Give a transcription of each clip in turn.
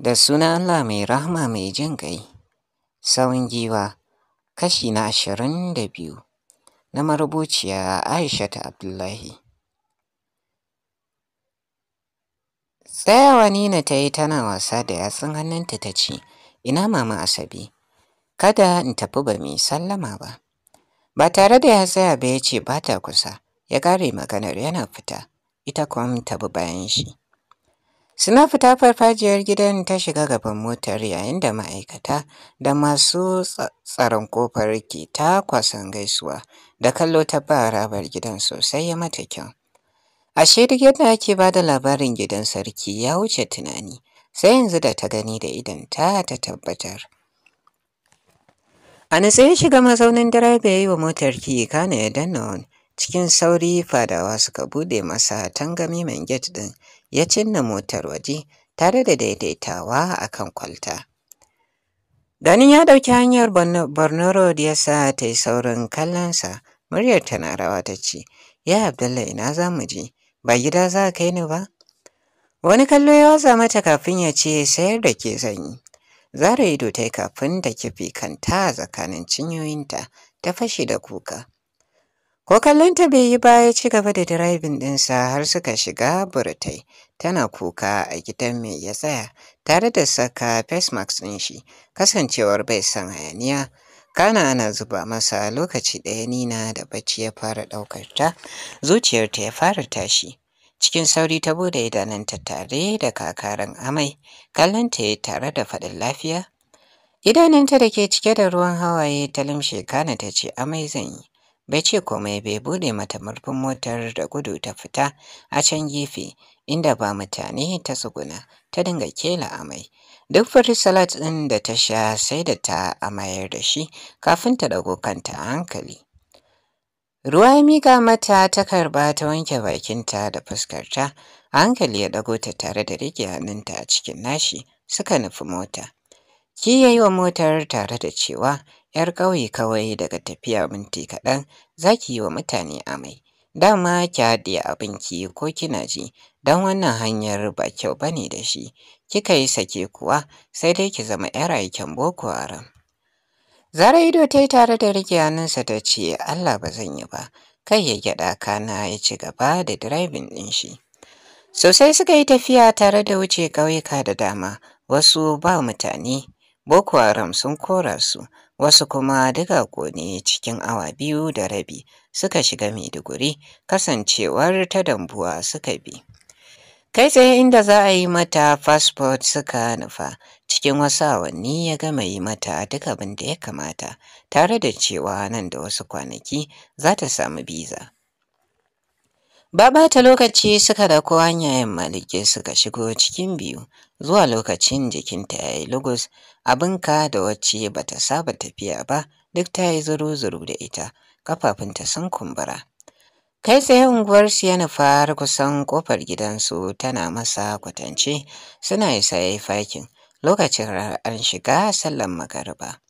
Da suna Allah mai rahama mai jin ƙai, Sawun Giwa, kashi na ashirin da biyu, na marubuciya Aisha ta Abdullahi. Tsayawa Nina ta yi tana wasa da yatsun hannunta ta ce, Ina mama asabi kada in tafi ba mai sallama ba. Ba tare da ya tsaya ba ya ce ba ta kusa, ya kare maganar yana fita, ita kuma ta tafi bayan shi. Suna fita farfajiyar gidan ta shiga gaban motar yayin da ma'aikata da masu tsaron kofar ke ta kwasan gaisuwa da kallo ta ba rabar gidan sosai ya mata kyau. Ashe duk yadda ake ba da labarin gidan sarki ya wuce tunani, sai yanzu da ta gani da idan ta tabbatar. A natsa ya shiga mazaunin direba ya yi wa motar ki kana ya danna wani. Cikin sauri fadawa suka bude masa tangami mai get ɗin ya cinna motar waje tare da daidaitawa a kan kwalta. Ganin ya ɗauki hanyar Borno Road ya sa ta yi saurin kallonsa, muryar tana rawa ta ce, Ya Abdullahi ina za mu je, ba gida za ka kai ni ba? Wani kallo ya waza mata kafin ya ce sayar da ke zanyi. Zara ido ta yi kafin da kifi kanta a tsakanin cinyoyinta ta fashe da kuka. Ko kallonta bai yi baya ci gaba da direbin ɗinsa har suka shiga burtai. Tana kuka a gidan mai ya tsaya tare da saka face mask ɗin shi kasancewar bai san hayaniya. Kana ana zuba masa lokaci ɗaya nina da bacci ya fara ɗaukar ta zuciyarta ya fara tashi. cikin sauri ta bude idananta tare da kakaran amai kallonta ya tare da faɗin lafiya idananta da ke cike da ruwan hawaye ta limshe kana ta ce amai zan yi bai ce komai bai bude mata murfin motar da gudu ta fita a can gefe inda ba mutane ta tsuguna ta dinga kela amai duk fari salat ɗin da ta sha sai da ta amayar da shi kafin ta dago kanta a hankali ruwa ya mika mata ta karba ta wanke bakinta da fuskarta a hankali ya dago ta tare da rike hannunta a cikin nashi suka nufi mota ki yayi wa motar tare da cewa ‘yar ƙauye kawai daga tafiya minti kaɗan za ki yi wa mutane amai. Dama ki haɗiye abinki ko kina ji, don wannan hanyar ba kyau ba ne da shi, kika yi sake kuwa sai dai ki zama ‘yar aikin Boko Haram. Zara ido ta yi tare da rike hannunsa ta ce, Allah ba zan yi ba, kai ya gyaɗa kana ya ci gaba da direbin ɗin shi. Sosai suka yi tafiya tare da wuce ƙauyuka da dama, wasu ba mutane, Boko Haram sun kora su, wasu kuma duka ƙone cikin awa biyu da rabi suka shiga Maiduguri kasancewar ta dambuwa suka bi. Kai tsaye inda za a yi mata fasfot suka nufa cikin wasu awanni ya gama yi mata duk abin da ya kamata tare da cewa nan da wasu kwanaki za ta samu biza. Ba ta lokaci suka da hanya yamma suka shigo cikin biyu zuwa lokacin jikinta ya yi lugus abinka da wacce ba ta saba tafiya ba duk ta yi zuru-zuru da ita kafafunta sun kumbura kai tsaye unguwar yana fara kusan kofar gidansu tana masa kwatance suna isa ya fakin lokacin an shiga sallan magariba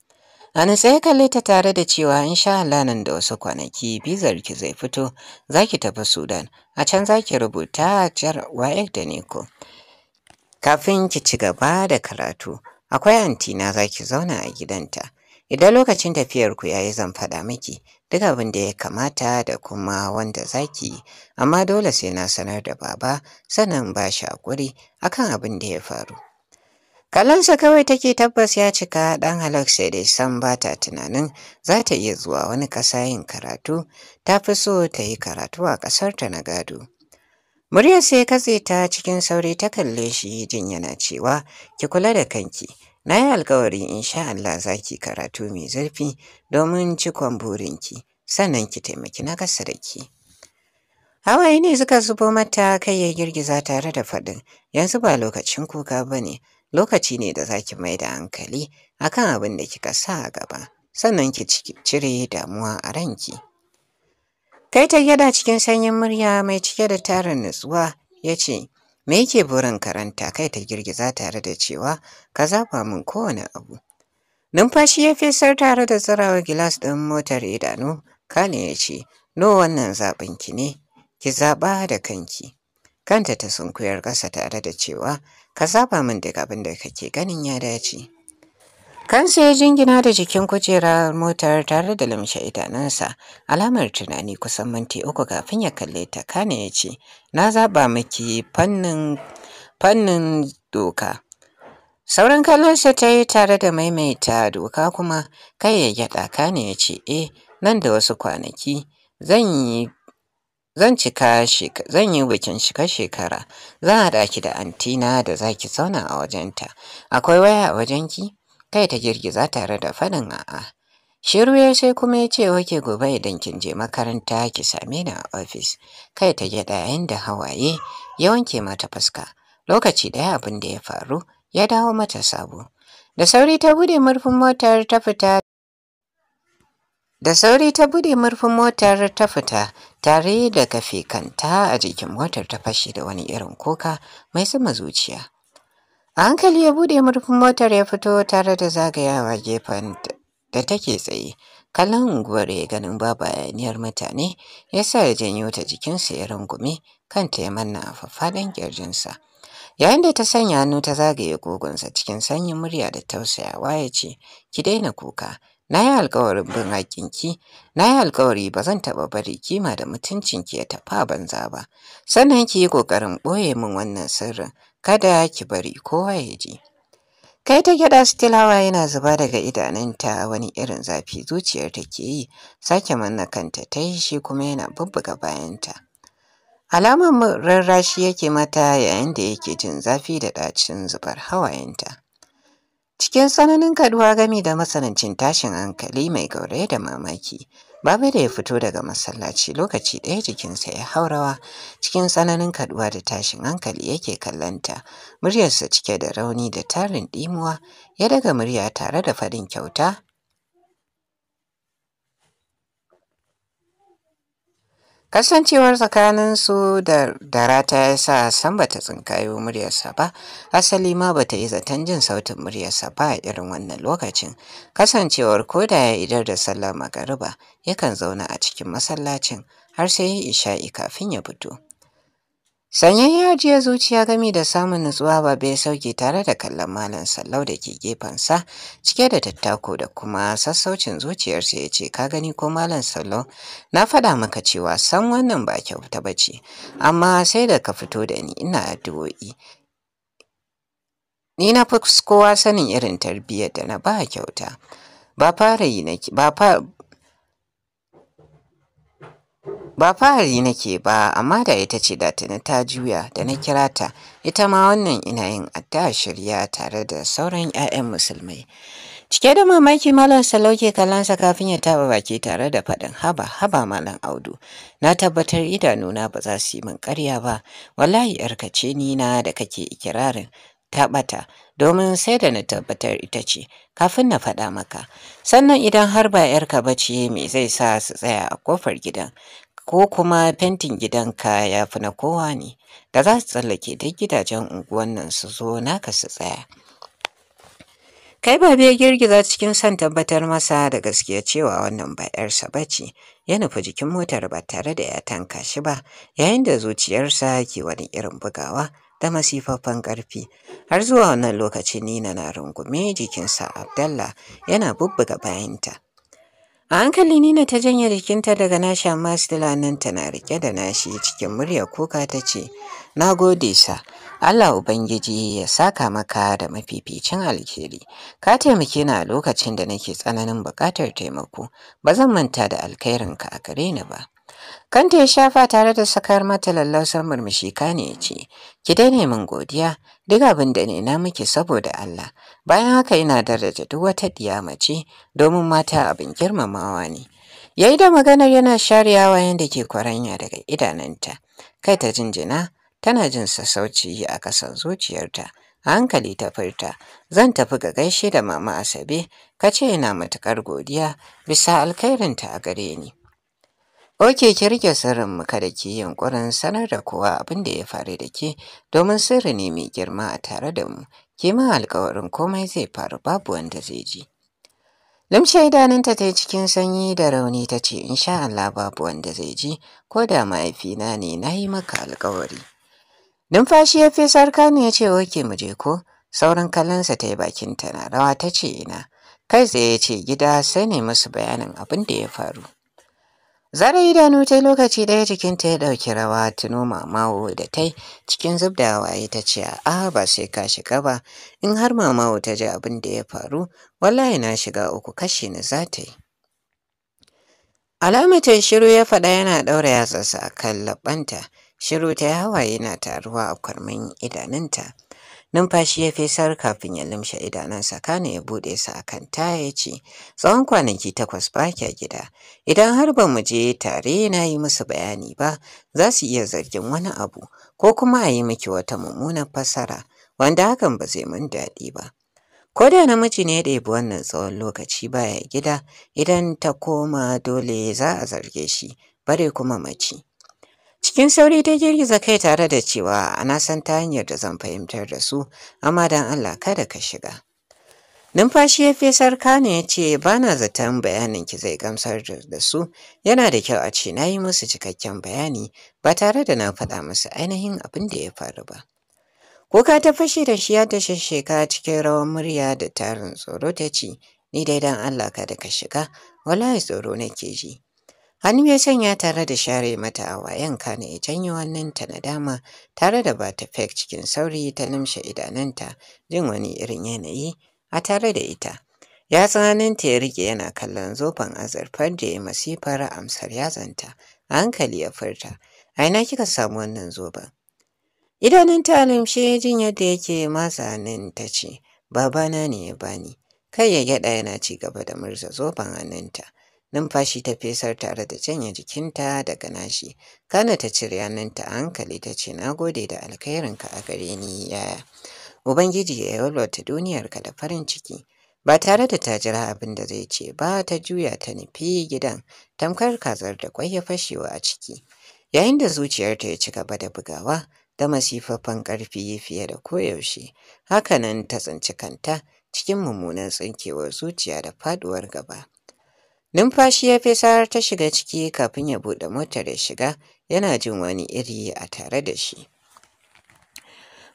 a nutsaye kalle ta tare da cewa in sha Allah nan da wasu kwanaki bizar ki zai fito za ki tafi Sudan a can za ki rubuta jar wa'ek da Niko Kafin ki ci gaba da karatu, akwai antina za ki zauna a gidanta. Idan lokacin tafiyarku ya yi zan faɗa miki duk abin da ya kamata da kuma wanda za ki yi, amma dole sai na sanar da baba sannan ba shi haƙuri akan abin da ya faru. Kallonsa kawai take tabbas ya cika ɗan halak sai dai san ba ta tunanin za ta iya zuwa wani ƙasa yin karatu, ta fi so ta yi karatu a ƙasarta na gado. Muryar sai katse ta cikin sauri ta kalle shi jin yana cewa ki kula da kanki. Na yi alkawari sha Allah za ki karatu mai zurfi domin cikon burinki, sannan ki taimaki na kasa da ki. Hawaye ne suka zubo mata kai ya girgiza tare da faɗin, yanzu ba lokacin kuka ba ne, lokaci ne da za ki mai da hankali akan abin da kika sa a gaba, sannan ki cire damuwa a ranki. Kai ta gyada cikin sanyin murya mai cike da tarin nutsuwa ya ce, Me yake burin karanta kai ta girgiza tare da cewa ka zaba min kowane abu. Numfashi ya fesar tare da tsirawa gilas ɗin motar idanu, Kane ya ce, No wannan zaɓin ki ne, ki zaɓa da kanki. Kanta ta sunkuyar ƙasa tare da cewa, Ka zaba min duk abin da kake ganin ya dace. Kansa ya jingina da jikin kujerar motar tare da lamshe idanunsa, alamar tunani kusan minti uku kafin ya kalle ta kane ya ce, Na zaɓa miki fannin doka. Sauran kallonsa ta yi tare da maimaita doka kuma kai ya gyaɗa kane ya ce, E, nan da wasu kwanaki zan yi Zan cika zan yi bikin cika shekara, zan haɗa ki da antina da zaki zauna a wajenta. Akwai waya a wajenki? kai ta girgiza tare da faɗin a'a. Shiru ya sai kuma ya ce wake gobe idan kin je makaranta ki same ni a ofis. Kai ta gyaɗa yayin da hawaye ya wanke mata fuska. Lokaci ɗaya abin da ya faru ya dawo mata sabo. Da sauri ta bude murfin motar ta fita. Da sauri ta bude murfin motar ta fita tare da kafe kanta a jikin motar ta fashe da wani irin kuka mai sama zuciya. A hankali ya bude murfin motar ya fito tare da zagayawa gefen da take tsaye. Kallon unguwar ya ganin babu bayaniyar mutane ya sa ya janyo ta jikinsa ya rungume kan ya manna a kirjinsa ƙirjinsa. Yayin da ta sanya hannu ta zagaye gogonsa cikin sanyin murya da tausayawa ya ce, Ki daina kuka, na yi alkawarin bin haƙƙinki, na yi alkawari ba zan taɓa bari kima da mutuncinki ya tafa banza ba, sannan ki yi ƙoƙarin ɓoye min wannan sirrin kada ki bari kowa ya ji. Kai ta gyaɗa tilawa yana zuba daga idanunta wani irin zafi zuciyar ta ke yi, sake manna kanta ta yi shi kuma yana bubbuga bayanta. Alamar rarrashi yake mata yayin da yake jin zafi da ɗacin zubar hawayenta. Cikin tsananin kaduwa gami da masanancin tashin hankali mai gauraye da mamaki, Babu da ya fito daga masallaci lokaci ɗaya jikinsa ya haurawa cikin tsananin kaduwa da tashin hankali yake kallanta. Muryarsa cike da rauni da tarin ɗimuwa ya daga murya tare da faɗin kyauta Kasancewar tsakaninsu da darata ya sa san bata tsinkayo muryarsa ba, asali ma bata yi zaton jin sautin muryarsa ba a irin wannan lokacin. Kasancewar koda ya idar da sallar magariba, yakan zauna a cikin masallacin har sai isha'i kafin ya fito. Sanyin ya ajiye zuciya gami da samun nutsuwa ba bai sauke tare da kallon malam sallau da ke gefensa cike da tattako da kuma sassaucin zuciyarsa ya ce ka gani ko malam sallau na faɗa maka cewa san wannan ba kyauta ba ce amma sai da ka fito da ni ina addu'o'i ni na fi kowa sanin irin tarbiyyar da na ba kyauta ba fara yi ba Ba fahari nake ba, amma da ita ce da tuni ta juya da na kira ta, ita ma wannan ina yin addu'a shirya tare da sauran 'ya'yan musulmai. Cike da mamaki Malam Salauke kallonsa kafin ya taba baki tare da faɗin haba haba Malam Audu. Na tabbatar idanuna ba za su yi min ƙarya ba, wallahi yarka ce ni na da kake ikirarin ta domin sai da na tabbatar ita ce kafin na faɗa maka. Sannan idan har ba yarka ba ce me zai sa su tsaya a kofar gidan. ko kuma fentin gidanka ya fi na kowa ne da za su tsallake duk gidajen unguwan nan su zo naka su tsaya kai ba bai girgiza cikin son tabbatar masa da gaskiya cewa wannan ba yarsa ba ce ya nufi jikin motar ba tare da ya tanka shi ba yayin da zuciyarsa ke wani irin bugawa da masifaffen ƙarfi har zuwa wannan lokaci nina na rungume jikinsa abdallah yana bubbuga bayanta A hankali Nina ta janye jikinta daga nashi masu Stila nan tana rike da nashi cikin murya kuka ta ce, Na gode sa, Allah Ubangiji ya saka maka da mafificin alheri. Ka taimake na a lokacin da nake tsananin buƙatar taimako, ba zan manta da alkhairinka a gare ni ba. Kanta ya shafa tare da sakar mata lallausar murmushi kane ya ce, Ki daina min godiya, duk abin da ne na muke saboda Allah bayan haka yana daraja duk wata ɗiya mace domin mata abin girmamawa ne yayi da maganar yana shariyawa yanda ke kwaranya daga idananta kai ta jinjina tana jin sassauci a kasan zuciyarta hankali ta furta zan tafi ga gaishe da mama asabe kace ce ina matuƙar godiya bisa alkhairinta a gare ni Oke ki rike sirrinmu kada ki yi yunƙurin sanar da kowa abin da ya faru da ke domin sirri ne mai girma a tare da mu, ki ma alƙawarin komai zai faru babu wanda zai ji. Limshe idanunta ta yi cikin sanyi da rauni ta ce sha Allah babu wanda zai ji ko da mahaifina ne na yi maka alƙawari. Numfashi ya fi sarka ne ya ce oke mu je ko sauran kallonsa ta yi bakinta na rawa ta ce ina kai zai ya ce gida sai ne musu bayanin abin da ya faru. Zara idanu ta lokaci ɗaya jikinta ya ɗauki rawa tuno mamawo da ta yi cikin zub da waye ta ce a ba sai ka shiga ba in har mamawo ta ji abin da ya faru wallahi na shiga uku kashi ni za ta yi. Alamatin shiru ya faɗa yana ɗaura yatsarsa a kan laɓanta shiru ta yi hawaye na taruwa a kwarmin idanunta. numfashi ya fesar kafin ya lumshe idanunsa kano ya bude su a kan ya ce tsawon kwanaki takwas ba kya gida idan har ba mu je tare na yi musu bayani ba za su iya zargin wani abu ko kuma a yi miki wata mummunan fasara wanda hakan ba zai mun daɗi ba ko da namiji ne ya ɗebi wannan tsawon lokaci baya gida idan ta koma dole za a zarge shi bare kuma mace Cikin sauri ta girgiza kai tare da cewa ana san ta hanyar da zan fahimtar da su, amma don Allah kada ka shiga. Numfashi ya fesar Kano ya ce ba na zaton bayanin ki zai gamsar da su, yana da kyau a ce na yi musu cikakken bayani ba tare da na faɗa musu ainihin abin da ya faru ba. Kuka ta fashe da shi ya ta shesheka cikin rawar murya da tarin tsoro ta ce, Ni dai don Allah kada ka shiga, wallahi tsoro nake ji. Hannu ya sanya tare da share mata a wayan na ya janyo wannanta na dama tare da bata fake cikin sauri ta numshe idanunta jin wani irin yanayi a tare da ita. Yatsun ta ya rike yana kallon zofan azurfar da ya masifar amsar yatsanta a hankali ya furta. A ina kika samu wannan zoben? ta numshe jin yadda yake matsa nan ta ce, Babana ne ya bani. Kai ya gyaɗa yana ci gaba da murza zoben hannunta. numfashi ta fesar tare da janye jikinta daga nashi kana ta cire nan a hankali ta ce na gode da alkhairinka a gare ni yaya ubangiji ya yalwata duniyarka da farin ciki ba tare da ta jira abin da zai ce ba ta juya ta nufi gidan tamkar kazar da kwai ya fashewa a ciki yayin da zuciyarta ya ci gaba da bugawa da masifafan ƙarfi fiye da koyaushe hakanan ta tsinci kanta cikin mummunan tsinkewar zuciya da faduwar gaba Numfashi ya fi sarar ta shiga ciki kafin ya buɗe motar ya shiga, yana jin wani iri a tare da shi.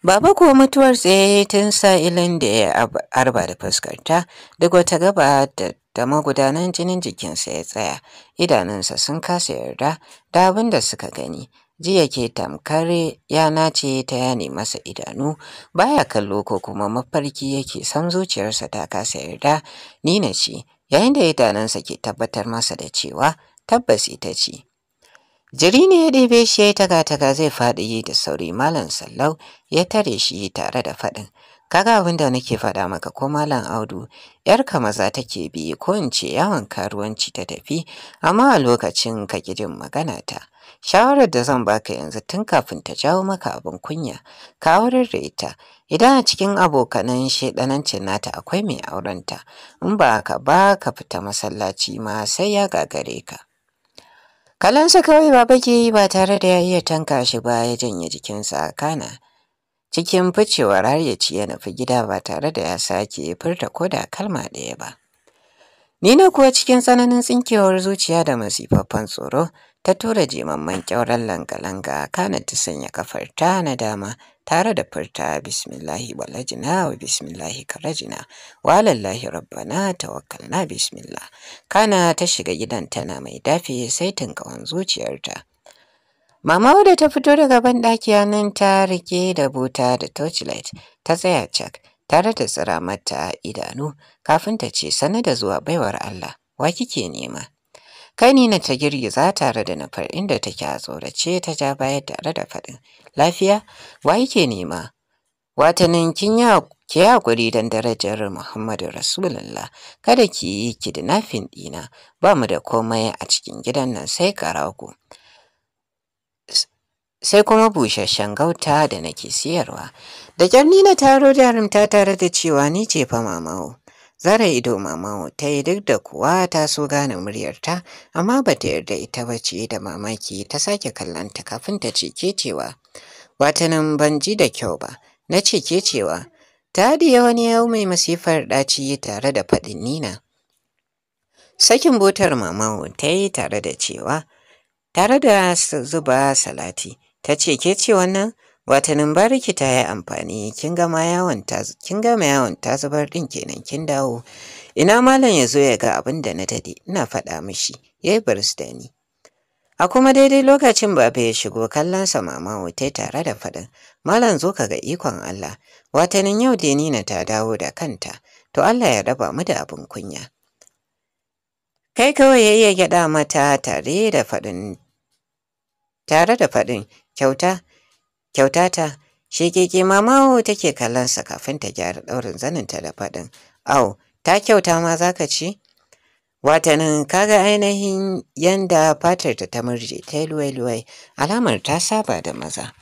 Baba ko mutuwar tsaye tun sa'ilin da ya arba da fuskarta, duk wata gaba da da magudanan jinin jikinsa ya tsaya, idanunsa sun kasa yarda da abin da suka gani. Ji yake tamkar yana ce ta yane masa idanu, baya kallo ko kuma mafarki yake san zuciyarsa ta kasa yarda, ni na ce, yayin da idanunsa ke tabbatar masa da cewa tabbas ita ce. Jiri ne ya ɗebe shi ya yi taga-taga zai faɗi da sauri Malam Sallau ya tare shi tare da faɗin. Kaga abin da nake faɗa maka ko Malam Audu, Yar ka maza take bi ko in ce yawon karuwanci ta tafi, amma a lokacin ka gidin magana ta. Shawarar da zan baka yanzu tun kafin ta jawo maka abin kunya, ka aurar da ita, idan a cikin abokanan shedanancin nata akwai mai aurenta in ba ka ba ka fita masallaci ma sai ya gagare ka kalansa kawai ba bake yi ba tare da ya iya tanka shi ba ya janye jikinsa kana cikin ficewar har ya ci ya nufi gida ba tare da ya sake furta da kalma ɗaya ba ni na kuwa cikin tsananin tsinkewar zuciya da masifaffan tsoro ta tura jimamman kyauren langa-langa kana ta sanya kafarta na dama tare da furta bismillahi walajina wa bismillahi karajina walallahi rabbana tawakkalna bismillah kana ta shiga gidan tana mai dafi sai tunkawan zuciyarta Mama wadda ta fito daga banɗaki nan ta rike da buta da torchlight ta tsaya cak tare da tsira mata idanu kafin ta ce sanar da zuwa baiwar Allah wa kike nema kanina ta girgiza tare da nufar inda take a tsorace ta ja baya tare da faɗin. Lafiya? Wa yake nema? Watanin kin ya ke hakuri dan darajar Muhammadu Rasulullah kada ki yi kidnapping ɗina ba mu da komai a cikin gidan nan sai karaku. sai kuma busasshen gauta da nake siyarwa. Da ƙyar na taro jarumta tare da cewa ni ce fa mamawo. Zara ido Mamau ta yi duk da kuwa ta so gane muryarta, amma ba ta yarda ita ba ce da mamaki ta sake kallonta kafin ta ce ke cewa. nan ban ji da kyau ba, na ce ke cewa, ta diya wani yau mai masifar ɗaci tare da faɗin nina. Sakin botar Mamau ta yi tare da cewa, tare da zuba salati, ta ce ke ce wannan Watanin bariki ta yi amfani kin gama yawon ta kin zubar din kenan kin dawo. Ina malam ya zo ya ga abin da na dade ina faɗa mishi yayi baris da ni. A kuma daidai lokacin baba ya shigo kallon kallonsa mama wutai tare da faɗin malam zo ka ga ikon Allah watanin yau na ta dawo da kanta to Allah ya raba mu da abin kunya. Kai kawai ya iya gyaɗa mata tare da faɗin tare da faɗin kyauta Kyautata, keke mamawo take kallonsa kafin ta gyara ɗaurin zaninta da faɗin. Au, ta kyauta ma za ka ci? Watanin kaga ainihin yanda fatarta ta murje ta yi luwai-luwai alamar ta saba da maza.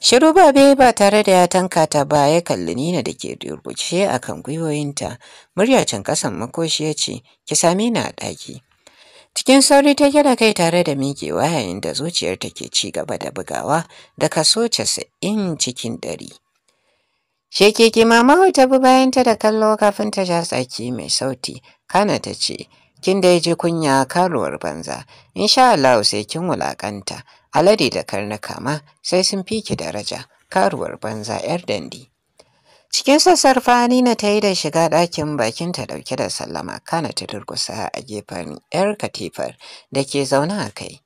Shiru babe ba tare da ya tanka ta ba ya kalli Nina da ke rubuce a kan gwiwoyinta. murya can ƙasan makoshi ya ce, Ki sami ni a ɗaki. Cikin sauri ta gyara kai tare da miƙewa yayin da zuciyar ta ke ci gaba da bugawa da kaso casa'in cikin ɗari. Shekeke mama ta bi bayan ta da kallo kafin ta sha tsaki mai sauti, kana ta ce, kin da ji kunya karuwar banza, insha Allah sai kin wulaƙanta, alade da karnuka ma sai sun fi ki daraja, karuwar banza ‘yar dandi. Cikin sassarfa Nina ta yi da shiga ɗakin bakin ta ɗauke da sallama kana ta durkusa a gefen 'yar katifar da ke zaune a kai.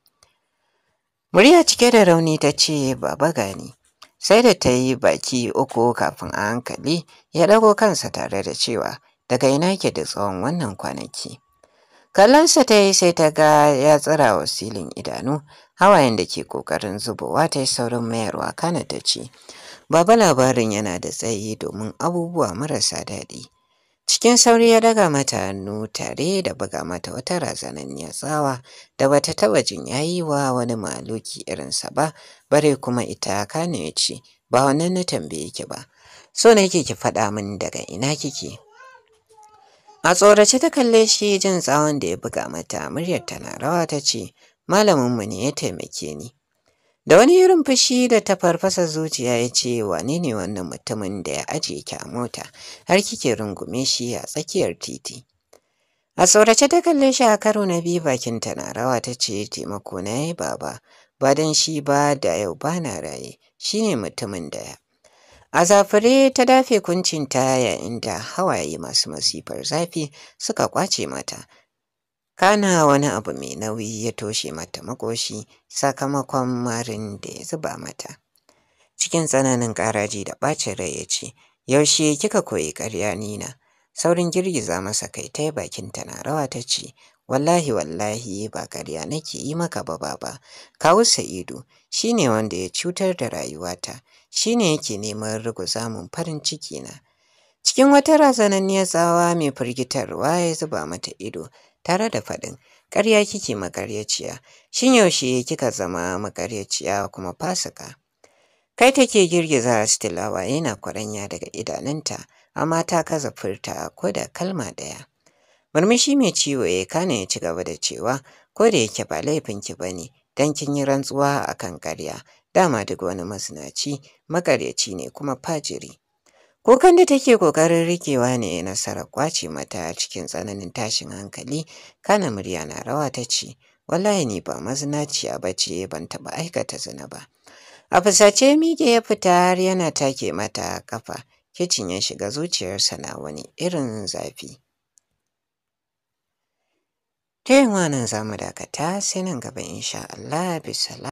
Murya cike da rauni ta ce baba gani. Sai da ta yi baki uku kafin a hankali ya ɗago kansa tare da cewa daga ina ke da tsawon wannan kwanaki. Kallonsa ta yi sai ta ga ya tsira wa silin idanu hawayen da ke ƙoƙarin zubowa ta yi saurin mayarwa kana ta ce Baba labarin yana da tsayi domin abubuwa marasa daɗi. Cikin sauri ya daga mata hannu tare da buga mata wata razanan ya tsawa da bata taba jin yayi wa wani maluki irinsa ba, bare kuma ita kane ya ce, ba wannan na tambaye ki ba. So yake ki faɗa min daga ina kike. A tsorace ta kalle shi jin tsawon da ya buga mata, muryar tana rawa ta ce, Malaminmu ne ya taimake ni, Da wani irin fushi da ta farfasa zuciya ya ce wane ne wannan mutumin da ya ajiye ki a mota har kike rungume shi a tsakiyar titi. A saurace ta kalle shi a karo na biyu bakin ta na rawa ta ce taimako na yi baba ba don shi ba da yau ba na raye shi ne mutumin da ya. A zafire ta dafe kuncinta yayin da hawaye masu masifar zafi suka kwace mata kana wani abu mai nauyi ya toshe mata makoshi sakamakon marin da ya zuba mata cikin tsananin ƙaraji da ɓacin rai ya ce yaushe kika koyi ƙarya nina saurin girgiza masa kai ta tai ta na rawa ta ce wallahi wallahi ba ƙarya nake yi maka ba ba ba kawu sa'idu ne wanda ya cutar da rayuwata shi ne yake neman ruguza mun farin ciki na cikin wata razananniyar tsawa mai firgitarwa ya zuba mata ido tare da faɗin ƙarya kike makaryaciya shin yaushe kika zama makaryaciya kuma fasika kai take girgiza stilawa yana kwaranya daga idanunta amma ta kaza furta ko da kalma ɗaya murmushi mai ciwo ya kana ya ci gaba da cewa ko da yake ba laifinki ba ne don kin yi rantsuwa a kan ƙarya dama duk wani masinaci makaryaci ne kuma fajiri Kukan da take kokarin rikewa ne nasarar kwace mata cikin tsananin tashin hankali, kana murya na rawa ta ce, wallahi ni ba mazinaciya ba ce ban taɓa aikata zina ba. A fusace mike ya fita har yana take mata kafa, kicin ya shiga zuciyarsa na wani irin zafi. Ta yin nan za mu dakata sai nan gaba insha Allah bisala.